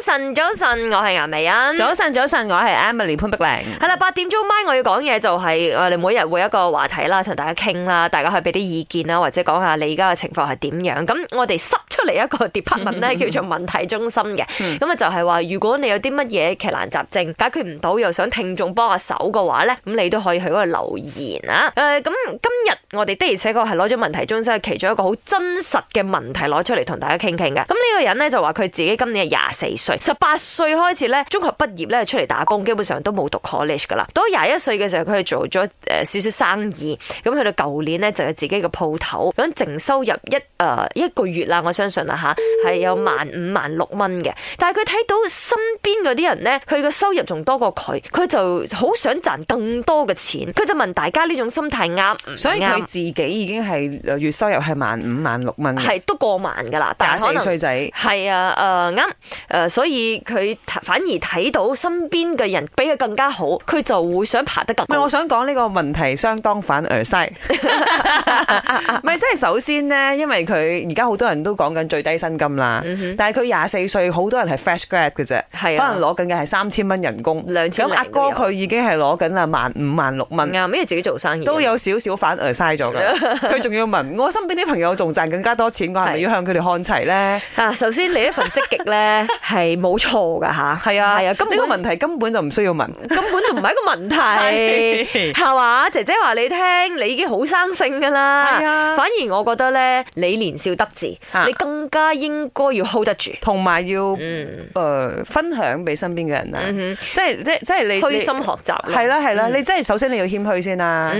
早晨，早晨，我係顏美恩。早晨，早晨，我係 Emily 潘碧靚。係啦，八點鐘咪我要講嘢、就是，就係我哋每日會一個話題啦，同大家傾啦，大家去俾啲意見啦，或者講下你而家嘅情況係點樣。咁我哋濕出嚟一個 department 咧，叫做問題中心嘅。咁 啊，就係話如果你有啲乜嘢奇難雜症解決唔到，又想聽眾幫下手嘅話咧，咁你都可以去嗰度留言啊。誒、呃，咁今日我哋的而且確係攞咗問題中心其中一個好真實嘅問題攞出嚟同大家傾傾嘅。咁呢個人咧就話佢自己今年係廿四歲。十八歲開始咧，中學畢業咧出嚟打工，基本上都冇讀 college 噶啦。到廿一歲嘅時候，佢做咗誒、呃、少少生意。咁去到舊年呢，就有自己個鋪頭，咁淨收入一誒、呃、一個月啦，我相信啦吓係有萬五萬六蚊嘅。但係佢睇到身邊嗰啲人呢，佢嘅收入仲多過佢，佢就好想賺更多嘅錢。佢就問大家呢種心態啱唔啱？所以佢自己已經係月收入係萬五萬六蚊，係都過萬噶啦。廿四歲仔係啊誒啱誒。呃呃所以佢反而睇到身邊嘅人比佢更加好，佢就會想爬得更高。唔係，我想講呢個問題相當反而嘥。唔係，即係首先呢，因為佢而家好多人都講緊最低薪金啦、嗯。但係佢廿四歲，好多人係 fresh grad 嘅啫、啊。可能攞緊嘅係三千蚊人工，兩千阿哥佢已經係攞緊啦，萬五萬六蚊。啱、嗯，咩自己做生意都有少少反而嘥咗㗎。佢 仲要問我身邊啲朋友仲賺更加多錢，我係咪要向佢哋看齊呢？啊，首先你一份積極呢。係。 冇錯噶吓，係啊係啊，呢個問題根本就唔需要問，根本就唔係一個問題，係 嘛、啊？姐姐話你聽，你已經好生性噶啦，係啊。反而我覺得咧，你年少得志，啊、你更加應該要 hold 得住，同埋要，誒、嗯呃，分享俾身邊嘅人、嗯就是就是、是啊，即係即即係你虛心學習，係啦係啦，你即係首先你要謙虛先啦、啊，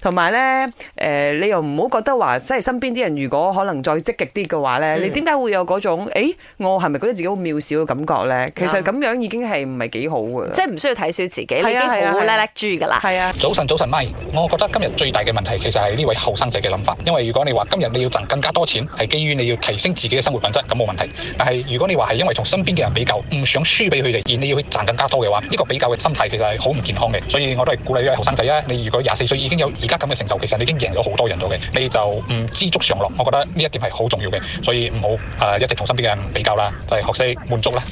同埋咧，誒、呃，你又唔好覺得話，即係身邊啲人如果可能再積極啲嘅話咧、嗯，你點解會有嗰種？誒、欸，我係咪覺得自己好？渺小嘅感覺呢，其實咁樣已經係唔係幾好嘅、嗯，即係唔需要睇小自己，你已經係好叻叻豬噶啦。啊,啊,啊,啊,啊,啊,啊，早晨早晨 Mike，我覺得今日最大嘅問題其實係呢位後生仔嘅諗法，因為如果你話今日你要賺更加多錢，係基於你要提升自己嘅生活品質，咁冇問題。但係如果你話係因為同身邊嘅人比較，唔想輸俾佢哋，而你要賺更加多嘅話，呢、呢個比較嘅心態其實係好唔健康嘅。所以我都係鼓勵呢位後生仔啊，你如果廿四歲已經有而家咁嘅成就，其實你已經贏咗好多人咗嘅，你就唔知足常樂。我覺得呢一點係好重要嘅，所以唔好一直同身邊嘅人比較啦，就係、係、學識。滿足啦。